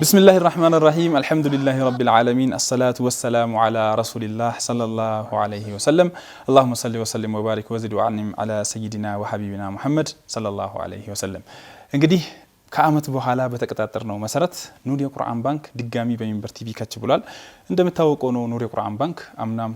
بسم الله الرحمن الرحيم الحمد لله رب العالمين الصلاة والسلام على رسول الله صلى الله عليه وسلم اللهم صل وسلم وبارك وزد وعنم على سيدنا وحبيبنا محمد صلى الله عليه وسلم እንግዲህ ከአመት በኋላ በተቀጣጠር ነው መሰረት ኑር የቁርአን ባንክ ድጋሚ በሚንበር ቲቪ ከች ብሏል። እንደምታወቀው ነው ኑር የቁርአን ባንክ አምናም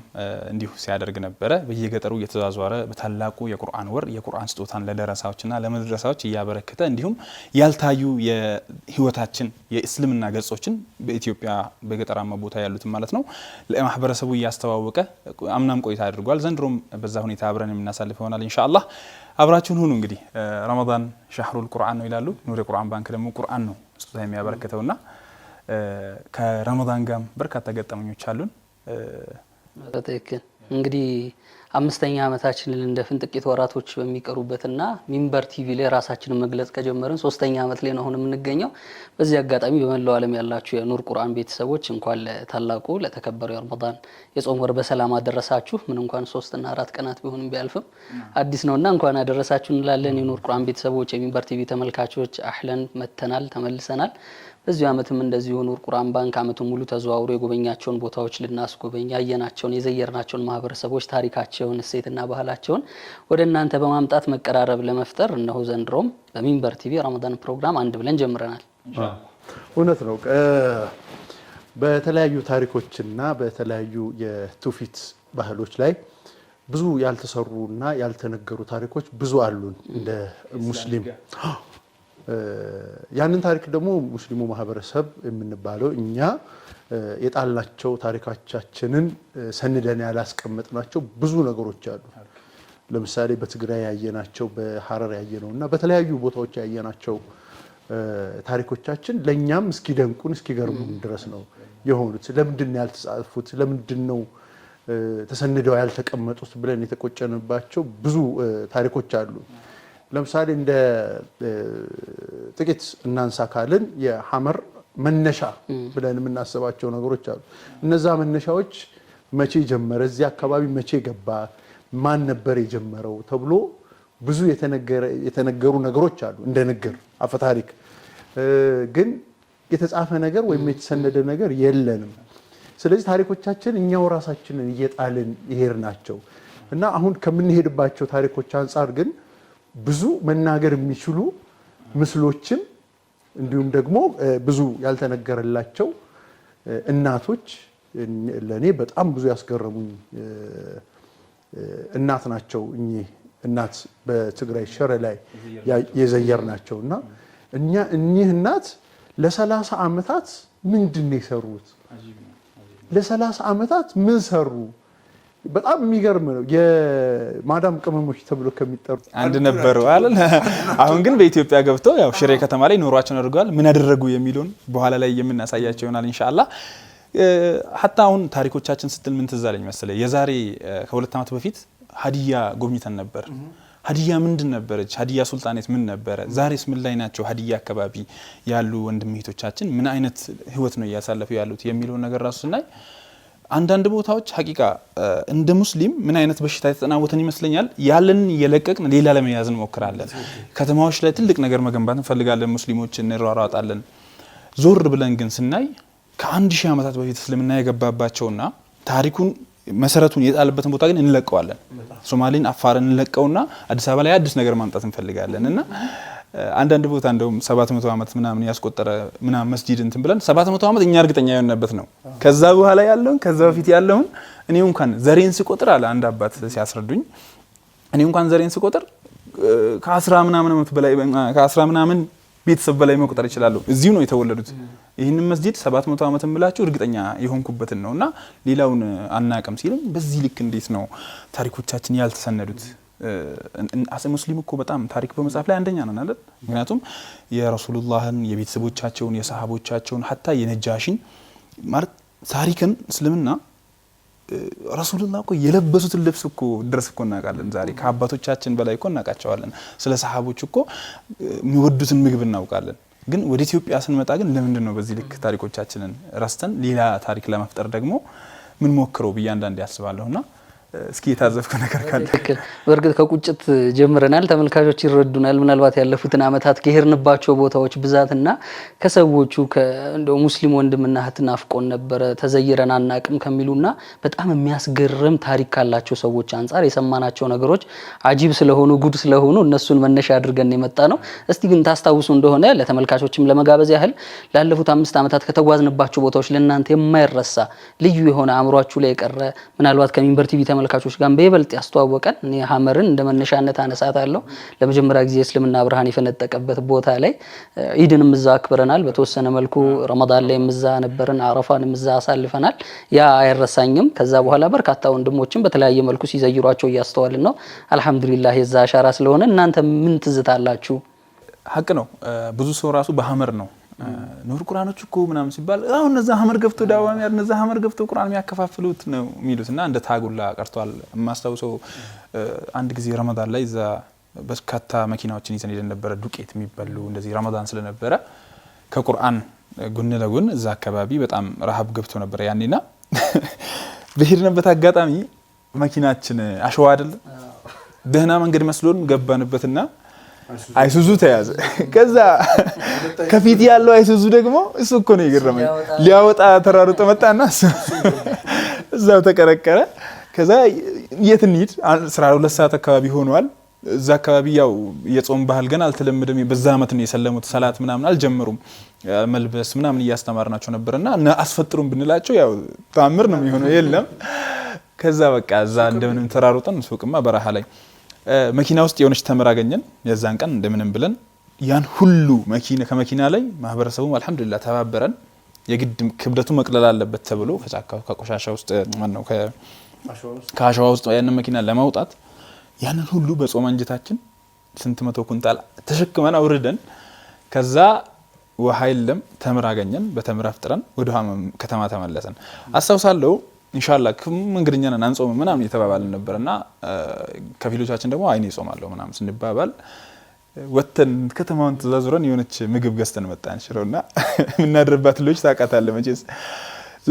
እንዲሁ ሲያደርግ ነበረ። በየገጠሩ እየተዟዟረ በታላቁ የቁርአን ወር የቁርአን ስጦታን ለደረሳዎችና ለመድረሳዎች እያበረከተ እንዲሁም ያልታዩ የህይወታችን የእስልምና ገጾችን በኢትዮጵያ በገጠራማ ቦታ ያሉትን ማለት ነው ለማህበረሰቡ እያስተዋወቀ አምናም ቆይታ አድርጓል። ዘንድሮም በዛ ሁኔታ አብረን የምናሳልፍ ይሆናል ኢንሻአላህ። አብራችሁን ሁኑ። እንግዲህ ረመዳን ሻህሩል ቁርአን ነው ይላሉ። ኑር የቁርአን ባንክ ደግሞ ቁርአን ነው ስጦታ ና ከረመዳን ጋርም በርካታ ገጠመኞች አሉን። እንግዲህ አምስተኛ ዓመታችንን ልንደፍን ጥቂት ወራቶች በሚቀሩበትና ሚንበር ቲቪ ላይ ራሳችንን መግለጽ ከጀመርን ሶስተኛ ዓመት ላይ ነው አሁን የምንገኘው። በዚህ አጋጣሚ በመላው ዓለም ያላችሁ የኑር ቁርአን ቤተሰቦች እንኳን ለታላቁ ለተከበረው የረመዳን የጾም ወር በሰላም አደረሳችሁ። ምን እንኳን ሶስትና አራት ቀናት ቢሆንም ቢያልፍም አዲስ ነውና እንኳን አደረሳችሁ እንላለን። የኑር ቁርአን ቤተሰቦች፣ የሚንበር ቲቪ ተመልካቾች አህለን መተናል፣ ተመልሰናል። በዚሁ ዓመትም እንደዚሁ ኑር ቁራን ባንክ ዓመቱን ሙሉ ተዘዋውሮ የጎበኛቸውን ቦታዎች ልናስጎበኝ ያየናቸውን የዘየርናቸውን ማህበረሰቦች ታሪካቸውን፣ እሴትና ባህላቸውን ወደ እናንተ በማምጣት መቀራረብ ለመፍጠር እነሆ ዘንድሮም በሚንበር ቲቪ ረመዳን ፕሮግራም አንድ ብለን ጀምረናል። እውነት ነው። በተለያዩ ታሪኮችና በተለያዩ የትውፊት ባህሎች ላይ ብዙ ያልተሰሩና ያልተነገሩ ታሪኮች ብዙ አሉን እንደ ሙስሊም ያንን ታሪክ ደግሞ ሙስሊሙ ማህበረሰብ የምንባለው እኛ የጣልናቸው ታሪኮቻችንን ሰንደን ያላስቀመጥናቸው ብዙ ነገሮች አሉ። ለምሳሌ በትግራይ ያየናቸው፣ በሀረር ያየነው እና በተለያዩ ቦታዎች ያየናቸው ታሪኮቻችን ለእኛም እስኪደንቁን እስኪገርሙን ድረስ ነው የሆኑት። ለምንድን ነው ያልተጻፉት? ለምንድን ነው ተሰንደው ያልተቀመጡት? ብለን የተቆጨንባቸው ብዙ ታሪኮች አሉ። ለምሳሌ እንደ ጥቂት እናንሳ ካልን የሐመር መነሻ ብለን የምናስባቸው ነገሮች አሉ። እነዛ መነሻዎች መቼ ጀመረ፣ እዚህ አካባቢ መቼ ገባ፣ ማን ነበር የጀመረው ተብሎ ብዙ የተነገሩ ነገሮች አሉ። እንደ ንግር አፈታሪክ ግን የተጻፈ ነገር ወይም የተሰነደ ነገር የለንም። ስለዚህ ታሪኮቻችን እኛው ራሳችንን እየጣልን ይሄድ ናቸው እና አሁን ከምንሄድባቸው ታሪኮች አንጻር ግን ብዙ መናገር የሚችሉ ምስሎችን እንዲሁም ደግሞ ብዙ ያልተነገረላቸው እናቶች ለእኔ በጣም ብዙ ያስገረሙኝ እናት ናቸው። እኚህ እናት በትግራይ ሽረ ላይ የዘየር ናቸው እና እኛ እኚህ እናት ለሰላሳ ዓመታት ምንድን ነው የሰሩት? ለሰላሳ ዓመታት ምን ሰሩ? በጣም የሚገርም ነው። የማዳም ቅመሞች ተብሎ ከሚጠሩ አንድ ነበሩ አይደል? አሁን ግን በኢትዮጵያ ገብተው ያው ሽሬ ከተማ ላይ ኖሯቸውን አድርገዋል። ምን ያደረጉ የሚለውን በኋላ ላይ የምናሳያቸው ይሆናል እንሻላ ሀታ አሁን ታሪኮቻችን ስትል ምን ትዝ አለኝ መሰለኝ፣ የዛሬ ከሁለት ዓመት በፊት ሀዲያ ጎብኝተን ነበር። ሀዲያ ምንድን ነበረች? ሀዲያ ሱልጣኔት ምን ነበረ? ዛሬስ ምን ላይ ናቸው? ሀዲያ አካባቢ ያሉ ወንድም እህቶቻችን ምን አይነት ህይወት ነው እያሳለፉ ያሉት የሚለውን ነገር ራሱ ስናይ አንዳንድ ቦታዎች ሀቂቃ እንደ ሙስሊም ምን አይነት በሽታ የተጠናወተን ይመስለኛል። ያለን እየለቀቅን ሌላ ለመያዝ እንሞክራለን። ከተማዎች ላይ ትልቅ ነገር መገንባት እንፈልጋለን፣ ሙስሊሞች እንሯሯጣለን። ዞር ብለን ግን ስናይ ከአንድ ሺህ ዓመታት በፊት እስልምና የገባባቸውና ታሪኩን መሰረቱን የጣለበትን ቦታ ግን እንለቀዋለን። ሶማሌን፣ አፋርን እንለቀውና አዲስ አበባ ላይ አዲስ ነገር ማምጣት እንፈልጋለን እና አንዳንድ ቦታ እንደውም 700 ዓመት ምናምን ያስቆጠረ ምናምን መስጂድ እንትን ብለን 700 ዓመት እኛ እርግጠኛ የሆነበት ነው። ከዛ በኋላ ያለውን ከዛ በፊት ያለውን እኔ እንኳን ዘሬን ስቆጥር አለ አንድ አባት ሲያስረዱኝ፣ እኔ እንኳን ዘሬን ስቆጥር ከአስራ ምናምን ዓመት በላይ ከአስራ ምናምን ቤተሰብ በላይ መቁጠር ይችላሉ። እዚሁ ነው የተወለዱት። ይህንን መስጂድ 700 ዓመት ብላችሁ እርግጠኛ የሆንኩበትን ነው እና ሌላውን አናቅም ሲልም በዚህ ልክ እንዴት ነው ታሪኮቻችን ያልተሰነዱት ሙስሊም እኮ በጣም ታሪክ በመጽሐፍ ላይ አንደኛ ነን አይደል? ምክንያቱም የረሱሉላህን የቤተሰቦቻቸውን፣ የሰሃቦቻቸውን ሀታ የነጃሽን ማለት ታሪክን እስልምና ረሱሉላ እኮ የለበሱትን ልብስ እኮ ድረስ እኮ እናውቃለን። ዛሬ ከአባቶቻችን በላይ እኮ እናውቃቸዋለን። ስለ ሰሃቦች እኮ የሚወዱትን ምግብ እናውቃለን። ግን ወደ ኢትዮጵያ ስንመጣ ግን ለምንድን ነው በዚህ ልክ ታሪኮቻችንን ረስተን ሌላ ታሪክ ለመፍጠር ደግሞ ምን ሞክረው ብዬ አንዳንድ ያስባለሁና እስኪ የታዘብኩ ነገር ካለ ትክክል። በእርግጥ ከቁጭት ጀምረናል። ተመልካቾች ይረዱናል። ምናልባት ያለፉትን ዓመታት ከሄርንባቸው ቦታዎች ብዛትና ከሰዎቹ እንደ ሙስሊም ወንድምና እህት ናፍቆን ነበረ ተዘይረን አናቅም ከሚሉና በጣም የሚያስገርም ታሪክ ካላቸው ሰዎች አንጻር የሰማናቸው ነገሮች አጂብ ስለሆኑ ጉድ ስለሆኑ እነሱን መነሻ አድርገን የመጣ ነው። እስቲ ግን ታስታውሱ እንደሆነ ለተመልካቾችም ለመጋበዝ ያህል ላለፉት አምስት ዓመታት ከተጓዝንባቸው ቦታዎች ለእናንተ የማይረሳ ልዩ የሆነ አእምሯችሁ ላይ የቀረ ምናልባት ከሚንበር ቲቪ ተመልካቾች ጋር በይበልጥ ያስተዋወቀን እኔ ሀመርን እንደ መነሻነት አነሳታለሁ። ለመጀመሪያ ጊዜ እስልምና ብርሃን የፈነጠቀበት ቦታ ላይ ኢድን ምዛ አክብረናል። በተወሰነ መልኩ ረመዳን ላይ ምዛ ነበርን፣ አረፋን ምዛ አሳልፈናል። ያ አይረሳኝም። ከዛ በኋላ በርካታ ወንድሞችን በተለያየ መልኩ ሲዘይሯቸው እያስተዋልን ነው። አልሐምዱሊላህ የዛ አሻራ ስለሆነ እናንተ ምን ትዝታላችሁ? ሀቅ ነው። ብዙ ሰው ራሱ በሀመር ነው ኑር ቁርአኖች እኮ ምናምን ሲባል አሁን እነዛ ሀመር ገብቶ ዳዋ ሚያድ እነዛ ሀመር ገብቶ ቁርአን የሚያከፋፍሉት ነው የሚሉት እና እንደ ታጉላ ቀርቷል። የማስታውሰው አንድ ጊዜ ረመዳን ላይ እዛ በርካታ መኪናዎችን ይዘን ሄደን ነበረ። ዱቄት የሚበሉ እንደዚህ ረመዳን ስለነበረ ከቁርአን ጎን ለጎን እዛ አካባቢ በጣም ረሀብ ገብቶ ነበረ ና በሄድንበት አጋጣሚ መኪናችን አሸዋ አይደለም ደህና መንገድ መስሎን ገባንበትና አይሱዙ ተያዘ። ከዛ ከፊት ያለው አይሱዙ ደግሞ እሱ እኮ ነው የገረመኝ፣ ሊያወጣ ተራርጦ መጣና እዛው ተቀረቀረ። ከዛ የት እንሂድ? አስራ ሁለት ሰዓት አካባቢ ሆኗል። እዛ አካባቢ ያው የጾም ባህል ገና አልተለመደም። በዛ ዓመት ነው የሰለሙት። ሰላት ምናምን አልጀመሩም። መልበስ ምናምን እያስተማርናቸው ነበርና አስፈጥሩም ብንላቸው ያው ታምር ነው የሚሆነው የለም። ከዛ በቃ እዛ እንደምንም ተራሩጠን ሱቅማ በረሃ ላይ መኪና ውስጥ የሆነች ተምር አገኘን። የዛን ቀን እንደምንም ብለን ያን ሁሉ ከመኪና ላይ ማህበረሰቡ አልሐምዱሊላ ተባበረን። የግድ ክብደቱ መቅለል አለበት ተብሎ ከጫካ ከቆሻሻ ውስጥ ነው ከአሸዋ ውስጥ ያንን መኪና ለማውጣት ያንን ሁሉ በጾም አንጀታችን ስንት መቶ ኩንታል ተሸክመን አውርደን ከዛ ውሃ የለም ተምር አገኘን። በተምር አፍጥረን ወደ ከተማ ተመለሰን አስታውሳለሁ። ኢንሻላ መንገደኛ ነን አንጾምም ምናምን የተባባልን ነበር እና ከፊሎቻችን ደግሞ አይኔ ይጾማለሁ ምናምን ስንባባል ወተን ከተማውን ተዛዙረን የሆነች ምግብ ገዝተን መጣን ሽረው እና የምናድርባት ልጆች ታውቃታለህ መቼስ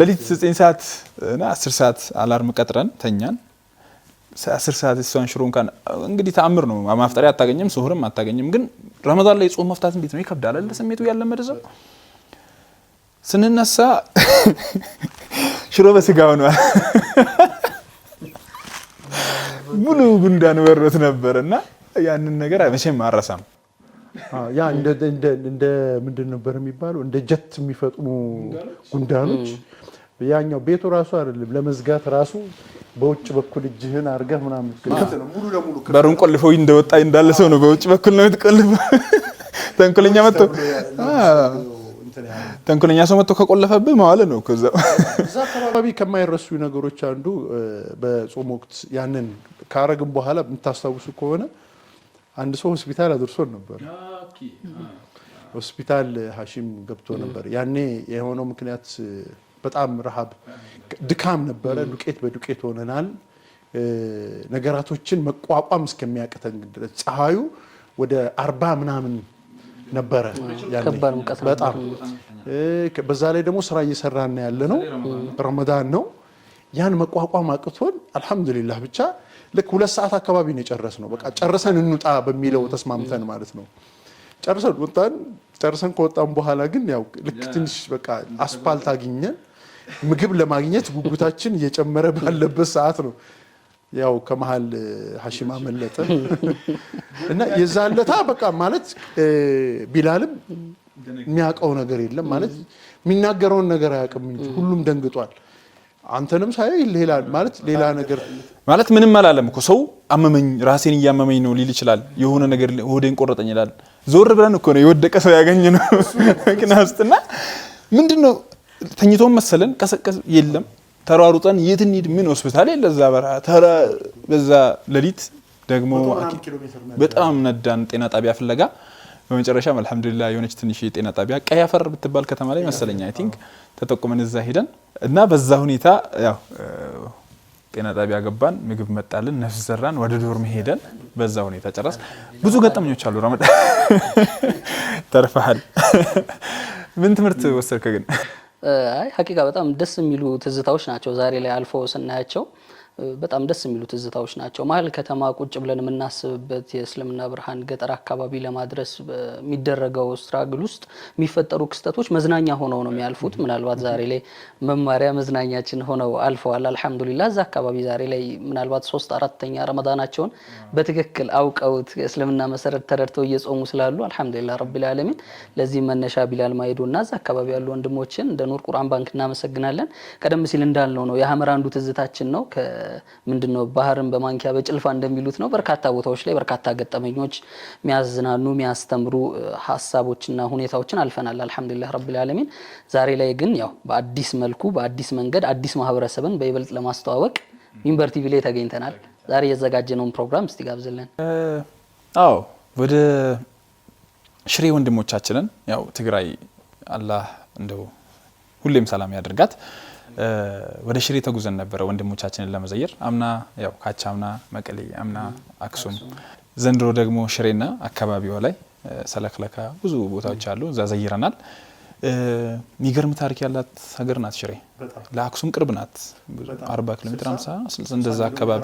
ሌሊት ዘጠኝ ሰዓት እና አስር ሰዓት አላርም ቀጥረን ተኛን። አስር ሰዓት እሷን ሽሮ እንኳን እንግዲህ ተአምር ነው። ማፍጠሪያ አታገኝም፣ ስሁርም አታገኝም። ግን ረመዳን ላይ ጾም መፍታት እንዴት ነው ይከብዳል። ለስሜቱ ያለመደ ሰው ስንነሳ ሽሮ በስጋ ሆኗል። ሙሉ ጉንዳን በሮት ነበር እና ያንን ነገር መቼም አረሳም። ያ እንደ ምንድን ነበር የሚባለው እንደ ጀት የሚፈጥሙ ጉንዳኖች። ያኛው ቤቱ ራሱ አይደለም ለመዝጋት ራሱ በውጭ በኩል እጅህን አድርገህ ምናምን በሩን ቆልፈው እንደወጣ እንዳለ ሰው ነው። በውጭ በኩል ነው የምትቆልፈው። ተንኮለኛ መጥቶ ተንኮለኛ ሰው መጥቶ ከቆለፈብህ መዋል ነው። ከዛ አካባቢ ከማይረሱ ነገሮች አንዱ በጾም ወቅት ያንን ካረግን በኋላ የምታስታውሱ ከሆነ አንድ ሰው ሆስፒታል አድርሶን ነበር። ሆስፒታል ሀሺም ገብቶ ነበር። ያኔ የሆነው ምክንያት በጣም ረሃብ፣ ድካም ነበረ። ዱቄት በዱቄት ሆነናል። ነገራቶችን መቋቋም እስከሚያቅተን ድረስ ፀሐዩ ወደ አርባ ምናምን ነበረ። በጣም በዛ ላይ ደግሞ ስራ እየሰራን ያለ ነው። ረመዳን ነው። ያን መቋቋም አቅቶን አልሐምዱሊላህ ብቻ ልክ ሁለት ሰዓት አካባቢ ነው የጨረስ ነው። በቃ ጨርሰን እንውጣ በሚለው ተስማምተን ማለት ነው። ጨርሰን ወጣን። ጨርሰን ከወጣን በኋላ ግን ያው ልክ ትንሽ በቃ አስፓልት አግኘን ምግብ ለማግኘት ጉጉታችን እየጨመረ ባለበት ሰዓት ነው ያው ከመሀል ሀሺማ መለጠ እና የዛለታ በቃ ማለት ቢላልም የሚያውቀው ነገር የለም ማለት የሚናገረውን ነገር አያውቅም እንጂ ሁሉም ደንግጧል። አንተንም ሳይ ሌላ ማለት ሌላ ነገር ማለት ምንም አላለም እኮ ሰው አመመኝ፣ ራሴን እያመመኝ ነው ሊል ይችላል። የሆነ ነገር ሆዴን ቆረጠኝ ይላል። ዞር ብለን እኮ ነው የወደቀ ሰው ያገኘ ነው መኪና ውስጥና ምንድን ነው ተኝቶም መሰለን ቀሰቀስ የለም ተሯሩጠን የት እንሂድ? ምን ሆስፒታል የለ እዛ በረሃ በዛ ሌሊት ደግሞ በጣም ነዳን ጤና ጣቢያ ፍለጋ። በመጨረሻም አልሐምዱሊላ የሆነች ትንሽ የጤና ጣቢያ ቀይ አፈር ብትባል ከተማ ላይ መሰለኛ አይ ቲንክ ተጠቁመን እዛ ሄደን እና በዛ ሁኔታ ያው ጤና ጣቢያ ገባን፣ ምግብ መጣልን፣ ነፍስ ዘራን፣ ወደ ዶርም ሄደን በዛ ሁኔታ ጨረስ። ብዙ ገጠመኞች አሉ። ረመዳን ተርፈሃል። ምን ትምህርት ወሰድከ ግን? አይ ሀቂቃ በጣም ደስ የሚሉ ትዝታዎች ናቸው ዛሬ ላይ አልፎ ስናያቸው በጣም ደስ የሚሉ ትዝታዎች ናቸው። መሀል ከተማ ቁጭ ብለን የምናስብበት የእስልምና ብርሃን ገጠር አካባቢ ለማድረስ በሚደረገው ስትራግል ውስጥ የሚፈጠሩ ክስተቶች መዝናኛ ሆነው ነው የሚያልፉት። ምናልባት ዛሬ ላይ መማሪያ መዝናኛችን ሆነው አልፈዋል። አልሐምዱሊላ እዛ አካባቢ ዛሬ ላይ ምናልባት ሶስት አራተኛ ረመዳናቸውን በትክክል አውቀውት የእስልምና መሰረት ተረድተው እየጾሙ ስላሉ አልሐምዱሊላ ረቢል ዓለሚን። ለዚህ መነሻ ቢላል ማሄዱ እና እዛ አካባቢ ያሉ ወንድሞችን እንደ ኑር ቁርአን ባንክ እናመሰግናለን። ቀደም ሲል እንዳልነው ነው የሀመር አንዱ ትዝታችን ነው ምንድነው ባህርን በማንኪያ በጭልፋ እንደሚሉት ነው። በርካታ ቦታዎች ላይ በርካታ ገጠመኞች የሚያዝናኑ የሚያስተምሩ ሀሳቦችና ሁኔታዎችን አልፈናል። አልሐምዱሊላህ ረብል ዓለሚን። ዛሬ ላይ ግን ያው በአዲስ መልኩ በአዲስ መንገድ አዲስ ማህበረሰብን በይበልጥ ለማስተዋወቅ ሚንበር ቲቪ ላይ ተገኝተናል። ዛሬ የዘጋጀነውን ፕሮግራም እስቲ ጋብዝልን። አዎ ወደ ሽሬ ወንድሞቻችንን ያው ትግራይ አላህ እንደው ሁሌም ሰላም ያደርጋት። ወደ ሽሬ ተጉዘን ነበረ ወንድሞቻችንን ለመዘየር አምና ያው አምና፣ መቀሌ፣ አምና አክሱም፣ ዘንድሮ ደግሞ ሽሬና አካባቢዋ ላይ ሰለክለካ ብዙ ቦታዎች አሉ። እዛ ዘይረናል። የሚገርም ታሪክ ያላት ሀገር ናት ሽሬ። ለአክሱም ቅርብ ናት፣ 40 ኪሎ ሜትር 50 እንደዛ አካባቢ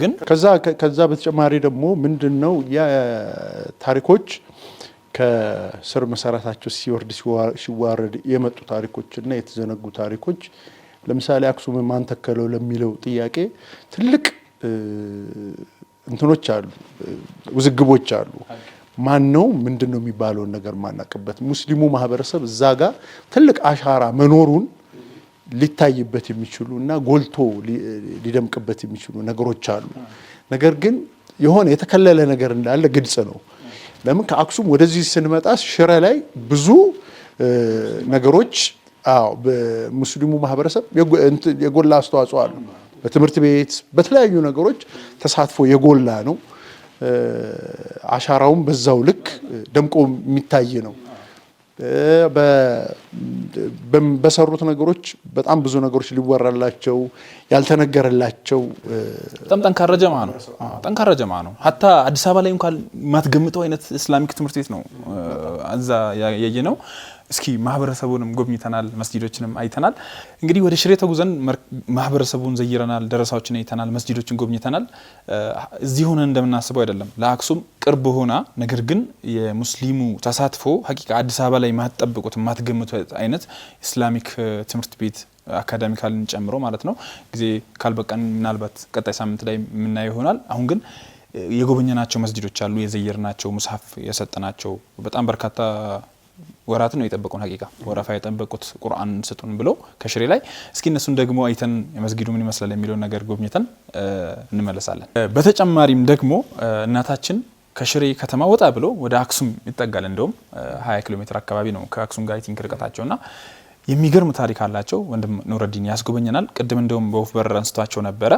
ግን ከዛ በተጨማሪ ደግሞ ምንድን ነው ታሪኮች ከስር መሰረታቸው ሲወርድ ሲዋረድ የመጡ ታሪኮችና የተዘነጉ ታሪኮች ለምሳሌ አክሱም ማን ተከለው ለሚለው ጥያቄ ትልቅ እንትኖች አሉ፣ ውዝግቦች አሉ። ማን ነው ምንድን ነው የሚባለውን ነገር ማናቅበት ሙስሊሙ ማህበረሰብ እዛ ጋር ትልቅ አሻራ መኖሩን ሊታይበት የሚችሉ እና ጎልቶ ሊደምቅበት የሚችሉ ነገሮች አሉ። ነገር ግን የሆነ የተከለለ ነገር እንዳለ ግልጽ ነው። ለምን ከአክሱም ወደዚህ ስንመጣ ሽረ ላይ ብዙ ነገሮች በሙስሊሙ ማህበረሰብ የጎላ አስተዋጽኦ አሉ። በትምህርት ቤት በተለያዩ ነገሮች ተሳትፎ የጎላ ነው። አሻራውም በዛው ልክ ደምቆ የሚታይ ነው። በሰሩት ነገሮች በጣም ብዙ ነገሮች ሊወራላቸው ያልተነገረላቸው በጣም ጠንካራ ጀማ ነው። ጠንካራ ጀማ ነው። ሀታ አዲስ አበባ ላይ እንኳን የማትገምጠው አይነት እስላሚክ ትምህርት ቤት ነው እዛ ያየ ነው። እስኪ ማህበረሰቡንም ጎብኝተናል፣ መስጂዶችንም አይተናል። እንግዲህ ወደ ሽሬ ተጉዘን ማህበረሰቡን ዘይረናል፣ ደረሳዎችን አይተናል፣ መስጂዶችን ጎብኝተናል። እዚህ ሆነን እንደምናስበው አይደለም። ለአክሱም ቅርብ ሆና ነገር ግን የሙስሊሙ ተሳትፎ ሀቂቃ አዲስ አበባ ላይ ማትጠብቁት ማትገምቱት አይነት ኢስላሚክ ትምህርት ቤት አካዳሚካልን ጨምሮ ማለት ነው። ጊዜ ካልበቃን ምናልባት ቀጣይ ሳምንት ላይ የምናየው ይሆናል። አሁን ግን የጎበኘናቸው መስጂዶች አሉ፣ የዘየርናቸው ሙስሐፍ የሰጠናቸው በጣም በርካታ ወራት ነው የጠበቁን ሀቂቃ ወረፋ የጠበቁት ቁርአን ስጡን ብሎ ከሽሬ ላይ እስኪ እነሱን ደግሞ አይተን የመስጊዱ ምን ይመስላል የሚለውን ነገር ጎብኝተን እንመለሳለን። በተጨማሪም ደግሞ እናታችን ከሽሬ ከተማ ወጣ ብሎ ወደ አክሱም ይጠጋል። እንደውም 20 ኪሎ ሜትር አካባቢ ነው ከአክሱም ጋር ቲንክ ርቀታቸው ና የሚገርም ታሪክ አላቸው። ወንድም ኑረዲን ያስጎበኘናል። ቅድም እንደውም በወፍ በረር አንስቷቸው ነበረ።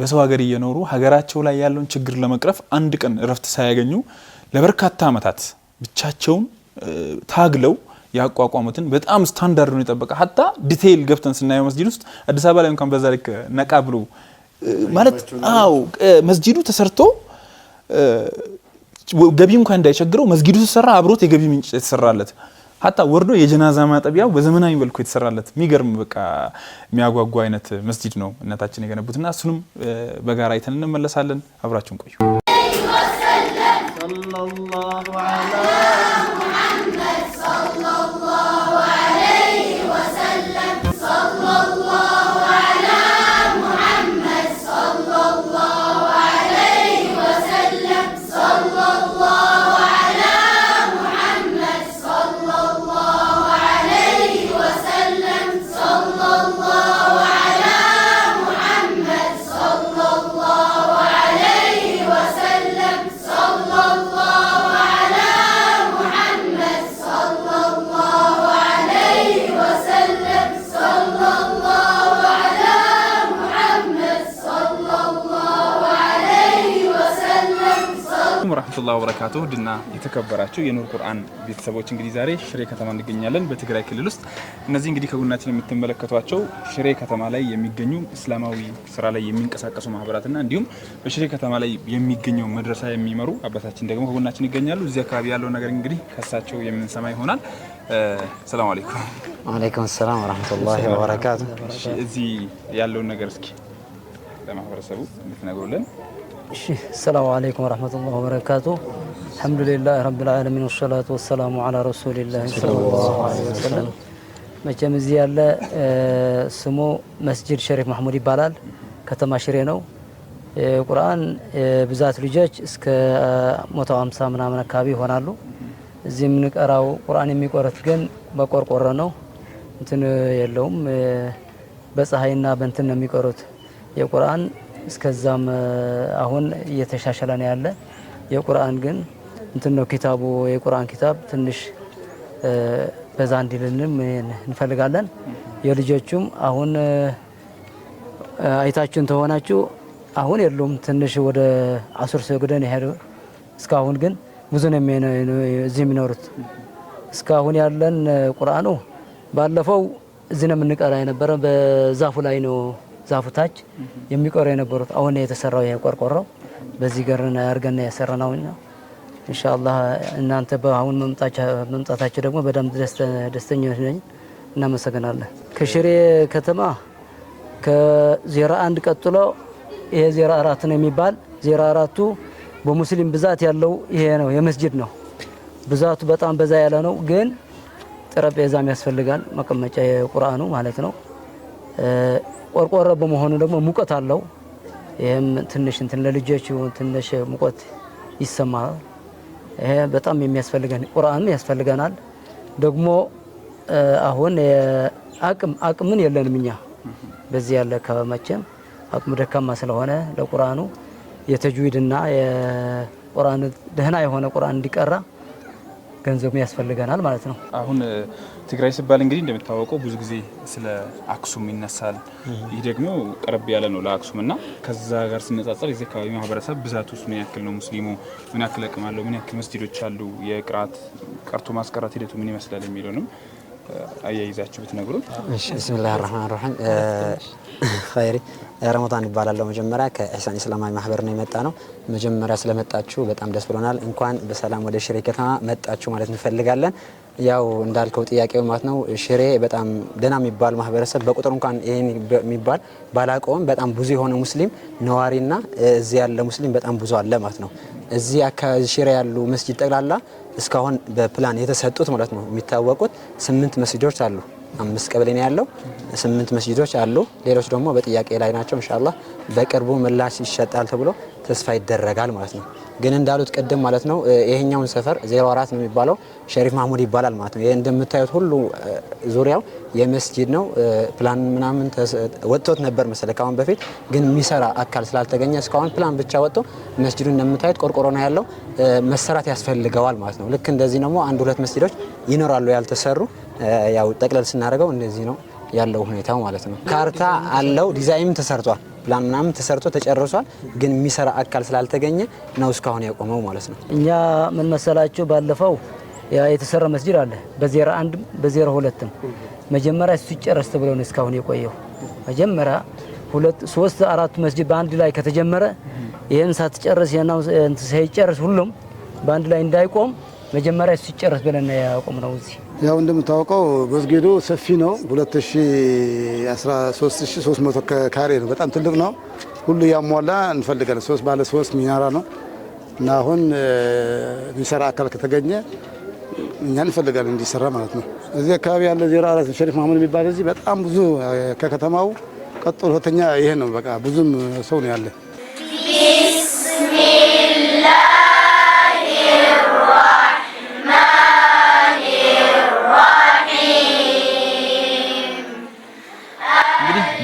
በሰው ሀገር እየኖሩ ሀገራቸው ላይ ያለውን ችግር ለመቅረፍ አንድ ቀን እረፍት ሳያገኙ ለበርካታ ዓመታት ብቻቸውን ታግለው ያቋቋሙትን በጣም ስታንዳርዱን የጠበቀ ሀታ ዲቴይል ገብተን ስናየው መስጂድ ውስጥ አዲስ አበባ ላይ እንኳን በዛ ልክ ነቃ ብሎ ማለት አዎ መስጂዱ ተሰርቶ ገቢ እንኳን እንዳይቸግረው መስጊዱ ሲሰራ አብሮት የገቢ ምንጭ የተሰራለት ሀታ ወርዶ የጀናዛ ማጠቢያው በዘመናዊ መልኩ የተሰራለት የሚገርም በቃ የሚያጓጓ አይነት መስጂድ ነው እናታችን የገነቡትና እሱንም በጋራ አይተን እንመለሳለን። አብራችሁን ቆዩ። ወራህመቱላሂ ወበረካቱ ድና የተከበራችሁ የኑር ቁርአን ቤተሰቦች እንግዲህ ዛሬ ሽሬ ከተማ እንገኛለን፣ በትግራይ ክልል ውስጥ እነዚህ እንግዲህ ከጎናችን የምትመለከቷቸው ሽሬ ከተማ ላይ የሚገኙ እስላማዊ ስራ ላይ የሚንቀሳቀሱ ማህበራትና እንዲሁም በሽሬ ከተማ ላይ የሚገኘው መድረሳ የሚመሩ አባታችን ደግሞ ከጎናችን ይገኛሉ። እዚህ አካባቢ ያለው ነገር እንግዲህ ከሳቸው የምንሰማ ይሆናል። ሰላም አለይኩም። ወአለይኩም ሰላም ወራህመቱላሂ ወበረካቱ። እዚህ ያለውን ነገር እስኪ ለማህበረሰቡ እንድትነግሩልን እሺ ሰላሙ አለይኩም ወራህመቱላሂ ወበረካቱ አልহামዱሊላህ ረብል ዓለሚን ወሰላቱ ወሰላሙ ዐላ ረሱሊላህ ሰለላሁ መቼም እዚህ ያለ ስሙ መስጂድ ሸሪፍ ማህሙድ ይባላል ከተማ ሽሬ ነው ቁርአን ብዛት ልጆች እስከ 150 ምናምን አካባቢ ይሆናሉ እዚህ የምንቀራው ቁርአን የሚቆረት ግን በቆርቆረ ነው እንትን የለውም በፀሐይና በእንትን ነው የሚቀሩት የቁርአን እስከዛም አሁን እየተሻሻለ ነው ያለ። የቁርአን ግን እንትን ነው ኪታቡ፣ የቁርአን ኪታብ ትንሽ በዛ እንዲልንም እንፈልጋለን። የልጆቹም አሁን አይታችሁን ተሆናችሁ አሁን የሉም፣ ትንሽ ወደ አሱር ሰግደን ይሄዱ። እስካሁን ግን ብዙ ነው እዚህ የሚኖሩት። እስካሁን ያለን ቁርአኑ ባለፈው እዚህ ነው የምንቀራ የነበረ በዛፉ ላይ ነው ዛፉ ታች የሚቀሩ የነበሩት አሁን የተሰራው ይሄ ቆርቆሮ በዚህ ገርና አድርገን ያሰራነው ኢንሻአላህ። እናንተ በአሁን መምጣታችሁ ደግሞ በደንብ ደስተኞች ነኝ። እናመሰግናለን። ከሽሬ ከተማ ከዜሮ አንድ ቀጥሎ ይሄ ዜሮ አራት ነው የሚባል ዜሮ አራቱ በሙስሊም ብዛት ያለው ይሄ ነው የመስጂድ ነው ብዛቱ በጣም በዛ ያለ ነው። ግን ጠረጴዛም ያስፈልጋል መቀመጫ የቁርአኑ ማለት ነው። ቆርቆሮ በመሆኑ ደግሞ ሙቀት አለው። ይህም ትንሽ እንትን ለልጆቹ ትንሽ ሙቀት ይሰማል። ይሄ በጣም የሚያስፈልገን ቁርአንም ያስፈልገናል። ደግሞ አሁን አቅም አቅምን የለንም እኛ በዚህ ያለ አካባቢያችን አቅሙ ደካማ ስለሆነ ለቁርአኑ የተጅዊድና የቁርአን ደህና የሆነ ቁርአን እንዲቀራ ገንዘቡ ያስፈልገናል ማለት ነው አሁን ትግራይ ሲባል እንግዲህ እንደሚታወቀው ብዙ ጊዜ ስለ አክሱም ይነሳል። ይህ ደግሞ ቀረብ ያለ ነው ለአክሱም እና ከዛ ጋር ሲነጻጸር የዚህ አካባቢ ማህበረሰብ ብዛት ውስጥ ምን ያክል ነው ሙስሊሙ፣ ምን ያክል አቅም አለው፣ ምን ያክል መስጂዶች አሉ፣ የቅራት ቀርቶ ማስቀራት ሂደቱ ምን ይመስላል የሚለውንም አያይዛችሁ ብትነግሩን። ብስሚላህ ራህማን ራሂም ረመዳን ይባላለው። መጀመሪያ ከሳን ስላማዊ ማህበር ነው የመጣ ነው። መጀመሪያ ስለመጣችሁ በጣም ደስ ብሎናል። እንኳን በሰላም ወደ ሽሬ ከተማ መጣችሁ ማለት እንፈልጋለን። ያው እንዳልከው ጥያቄው ማለት ነው ሽሬ በጣም ደህና የሚባል ማህበረሰብ በቁጥር እንኳን ይሄን የሚባል ባላቀውም በጣም ብዙ የሆነ ሙስሊም ነዋሪና እዚህ ያለ ሙስሊም በጣም ብዙ አለ ማለት ነው። እዚህ አካባቢ ሽሬ ያሉ መስጅድ ጠቅላላ እስካሁን በፕላን የተሰጡት ማለት ነው የሚታወቁት ስምንት መስጂዶች አሉ አምስት ቀበሌ ነው ያለው። ስምንት መስጂዶች አሉ። ሌሎች ደግሞ በጥያቄ ላይ ናቸው። እንሻላ በቅርቡ ምላሽ ይሸጣል ተብሎ ተስፋ ይደረጋል ማለት ነው። ግን እንዳሉት ቅድም ማለት ነው ይሄኛውን ሰፈር 04 ነው የሚባለው ሸሪፍ ማህሙድ ይባላል ማለት ነው። ይሄ እንደምታዩት ሁሉ ዙሪያው የመስጂድ ነው። ፕላን ምናምን ወጥቶት ነበር መሰለ ካሁን በፊት ግን የሚሰራ አካል ስላልተገኘ እስካሁን ፕላን ብቻ ወጥቶ መስጂዱ እንደምታዩት ቆርቆሮ ነው ያለው። መሰራት ያስፈልገዋል ማለት ነው። ልክ እንደዚህ ደግሞ አንድ ሁለት መስጂዶች ይኖራሉ ያልተሰሩ ያው ጠቅለል ስናደርገው እንደዚህ ነው ያለው ሁኔታው ማለት ነው። ካርታ አለው፣ ዲዛይንም ተሰርቷል፣ ፕላን ምናምን ተሰርቶ ተጨርሷል። ግን የሚሰራ አካል ስላልተገኘ ነው እስካሁን ያቆመው ማለት ነው። እኛ ምን መሰላችሁ፣ ባለፈው የተሰራ መስጂድ አለ በዜራ አንድ በዜራ ሁለትም መጀመሪያ እሱ ይጨረስ ተብሎ ነው እስካሁን የቆየው። መጀመሪያ ሁለት ሶስት አራቱ መስጂድ በአንድ ላይ ከተጀመረ ይህን ሳትጨርስ ሳይጨርስ ሁሉም በአንድ ላይ እንዳይቆም መጀመሪያ እሱ ብለን ያቆም ነው እዚህ ያው እንደምታወቀው መስጊዱ ሰፊ ነው። 2013300 ካሬ ነው። በጣም ትልቅ ነው። ሁሉ ያሟላ እንፈልጋለን። ሶስት ባለ ሶስት ሚናራ ነው እና አሁን የሚሰራ አካል ከተገኘ እኛ እንፈልጋለን እንዲሰራ ማለት ነው። እዚህ አካባቢ ያለ ዜሮ አራት ሸሪፍ ማህሙድ የሚባል እዚህ በጣም ብዙ ከከተማው ቀጥሎ ሁለተኛ ይሄ ነው። በቃ ብዙም ሰው ነው ያለ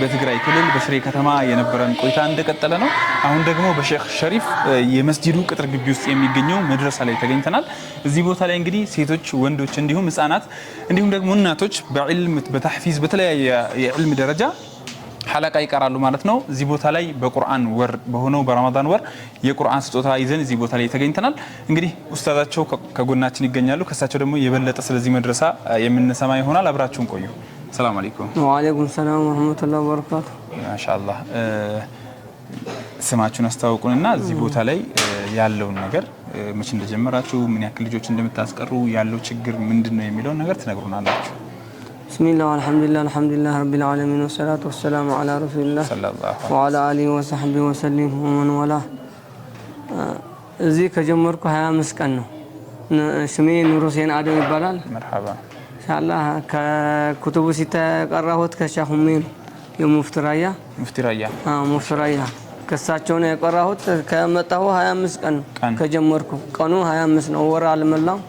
በትግራይ ክልል በሽሬ ከተማ የነበረን ቆይታ እንደቀጠለ ነው። አሁን ደግሞ በሼክ ሸሪፍ የመስጂዱ ቅጥር ግቢ ውስጥ የሚገኘው መድረሳ ላይ ተገኝተናል። እዚህ ቦታ ላይ እንግዲህ ሴቶች፣ ወንዶች እንዲሁም ህጻናት እንዲሁም ደግሞ እናቶች በዕልም በታህፊዝ በተለያየ የዕልም ደረጃ ሐላቃ ይቀራሉ ማለት ነው። እዚህ ቦታ ላይ በቁርአን ወር በሆነው በረመዳን ወር የቁርአን ስጦታ ይዘን እዚህ ቦታ ላይ ተገኝተናል። እንግዲህ ኡስታዛቸው ከጎናችን ይገኛሉ። ከሳቸው ደግሞ የበለጠ ስለዚህ መድረሳ የምንሰማ ይሆናል። አብራችሁን ቆዩ። ሰላም አለይኩም። ወአለይኩም ሰላም ወራህመቱላሂ ወበረካቱ። ማሻአላህ ስማችሁን አስተዋውቁንና እዚህ ቦታ ላይ ያለውን ነገር መቼ እንደጀመራችሁ፣ ምን ያክል ልጆች እንደምታስቀሩ፣ ያለው ችግር ምንድን ነው የሚለውን ነገር ትነግሩናላችሁ። ብስሚላህ አልሐምዱሊላህ አልሐምዱሊላህ ረቢል ዓለሚን ወሰላቱ ወሰላሙ ዓላ ረሱሊላህ ወዓላ አሊሂ ወሰሕቢሂ ወሰሊም ወመን ወላህ። እዚህ ከጀመርኩ ሀያ 25 ቀን ነው። ስሜ ኑር ሁሴን አደም ይባላል። መርሐባ ኢንሻአላ ከኩቱቡ ሲታ የቀራሁት ከሻሁሚ ነው። የሙፍትራያ ሙፍትራያ አዎ ሙፍትራያ ከሳቸውን የቀራሁት ከመጣሁ 25 ቀን ከጀመርኩ ቀኑ 25 ነው። ወር አልሞላም፣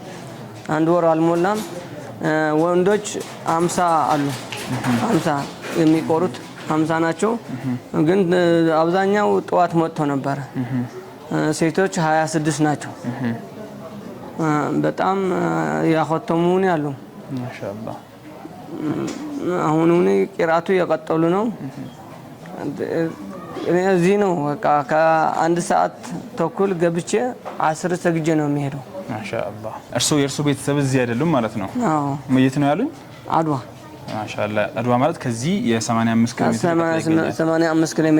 አንድ ወር አልሞላም። ወንዶች 50 አሉ፣ 50 የሚቆሩት 50 ናቸው። ግን አብዛኛው ጠዋት መጥቶ ነበረ። ሴቶች 26 ናቸው። በጣም ያኸተሙን ያሉ ማሻአላህ። አሁን እኔ ቂራቱ እየቀጠሉ ነው። እዚህ ነው በቃ ከአንድ ሰዓት ተኩል ገብቼ አስር ሰግጄ ነው የሚሄደው። ማሻአላህ። እርስዎ የእርሱ ቤተሰብ እዚህ አይደሉም ማለት ነው? አዎ። የት ነው ያሉኝ? አድዋ። ማሻአላህ። አድዋ ማለት ከዚህ የ85 ኪሎ ሜትር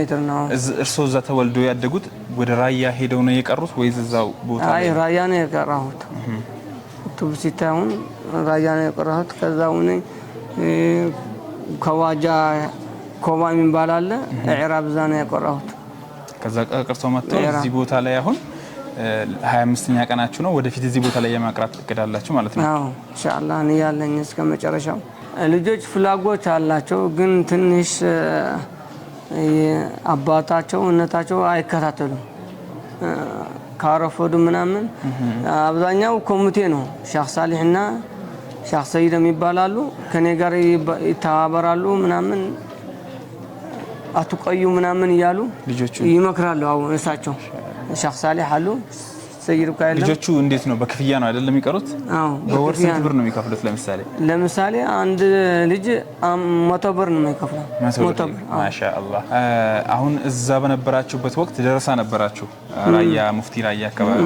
ሜትር ነው። እርስዎ እዛ ተወልዶ ያደጉት ወደ ራያ ሄደው ነው የቀሩት ወይስ እዛው ቦታ አይ ራያ ነው የቀራሁት። ትውስታ አሁን ራያ ነው የቀረሁት። ከዛ ሁነ ከዋጃ ኮባ የሚባል አለ ኢዕራብ እዛ ነው የቀረሁት። ከዛ ቀርቶ መጥተው እዚህ ቦታ ላይ አሁን ሀያ አምስተኛ ቀናችሁ ነው። ወደፊት እዚህ ቦታ ላይ የማቅራት እቅድ አላችሁ ማለት ነው? አዎ ኢንሻአላህ እኔ ያለኝ እስከ መጨረሻው። ልጆች ፍላጎት አላቸው፣ ግን ትንሽ አባታቸው እነታቸው አይከታተሉም ካረፈዱ ምናምን አብዛኛው ኮሚቴ ነው። ሳሊህ እና ሻክ ሰይድም ይባላሉ። ከኔ ጋር ይተባበራሉ ምናምን አትቆዩ ምናምን እያሉ ይመክራሉ። አሁን እሳቸው ሻክ ሳሊህ አሉ ሰይድ ካለ ልጆቹ እንዴት ነው? በክፍያ ነው አይደለም የሚቀሩት? አዎ በወር ስንት ብር ነው የሚከፍሉት? ለምሳሌ ለምሳሌ አንድ ልጅ መቶ ብር ነው የሚከፍለው። መቶ ብር ማሻአላህ። አሁን እዛ በነበራችሁበት ወቅት ደረሳ ነበራችሁ ራያ ሙፍቲ ራያ አካባቢ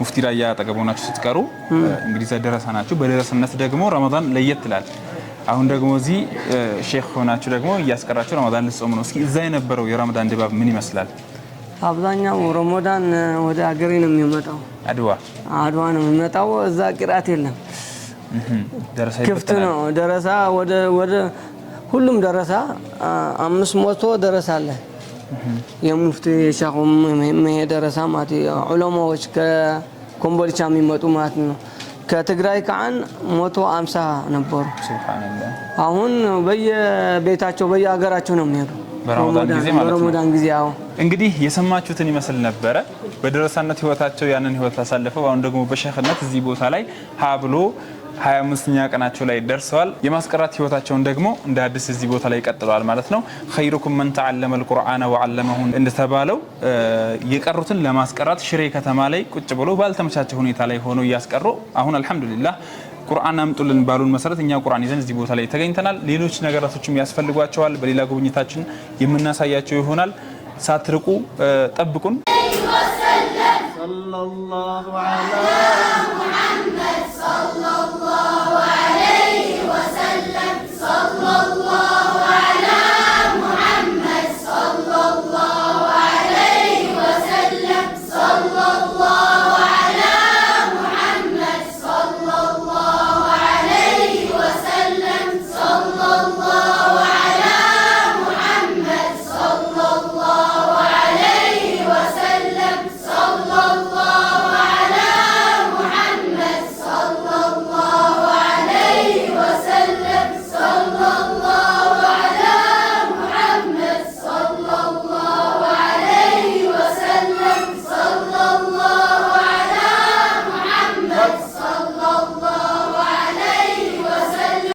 ሙፍቲ ራያ አጠገብ ሆናችሁ ስትቀሩ እንግዲህ እዛ ደረሳ ናችሁ። በደረስነት ደግሞ ረመዳን ለየት ይላል። አሁን ደግሞ እዚህ ሼክ ሆናችሁ ደግሞ እያስቀራችሁ ረመዳን ልትጾሙ ነው። እስኪ እዛ የነበረው የረመዳን ድባብ ምን ይመስላል? አብዛኛው ሮሞዳን ወደ ሀገሬ ነው የሚመጣው። አድዋ አድዋ ነው የሚመጣው። እዛ ቅራት የለም፣ ክፍት ነው። ደረሳ ወደ ወደ ሁሉም ደረሳ አምስት መቶ ደረሳ አለ። የሙፍቲ የሻኹ ደረሳ ማለት ዑለማዎች ከኮምቦልቻ የሚመጡ ማለት ነው። ከትግራይ ከአን ሞቶ አምሳ ነበሩ። አሁን በየቤታቸው በየሀገራቸው ነው የሚሄዱ በረመዳን ጊዜ። አዎ እንግዲህ የሰማችሁትን ይመስል ነበረ። በደረሳነት ህይወታቸው ያንን ህይወት አሳልፈው አሁን ደግሞ በሸህነት እዚህ ቦታ ላይ ሀብሎ 25ኛ ቀናቸው ላይ ደርሰዋል። የማስቀራት ህይወታቸውን ደግሞ እንደ አዲስ እዚህ ቦታ ላይ ቀጥለዋል ማለት ነው። ኸይሩኩም መን ተዓለመ ልቁርአነ ወዓለመሁን እንደተባለው የቀሩትን ለማስቀራት ሽሬ ከተማ ላይ ቁጭ ብሎ ባልተመቻቸ ሁኔታ ላይ ሆኖ እያስቀሩ አሁን አልሐምዱሊላህ ቁርአን አምጡልን ባሉን መሰረት እኛ ቁርአን ይዘን እዚህ ቦታ ላይ ተገኝተናል። ሌሎች ነገራቶችም ያስፈልጓቸዋል። በሌላ ጉብኝታችን የምናሳያቸው ይሆናል። ሳትርቁ ጠብቁን። ሰለላሁ ዐላ ሙሐመድ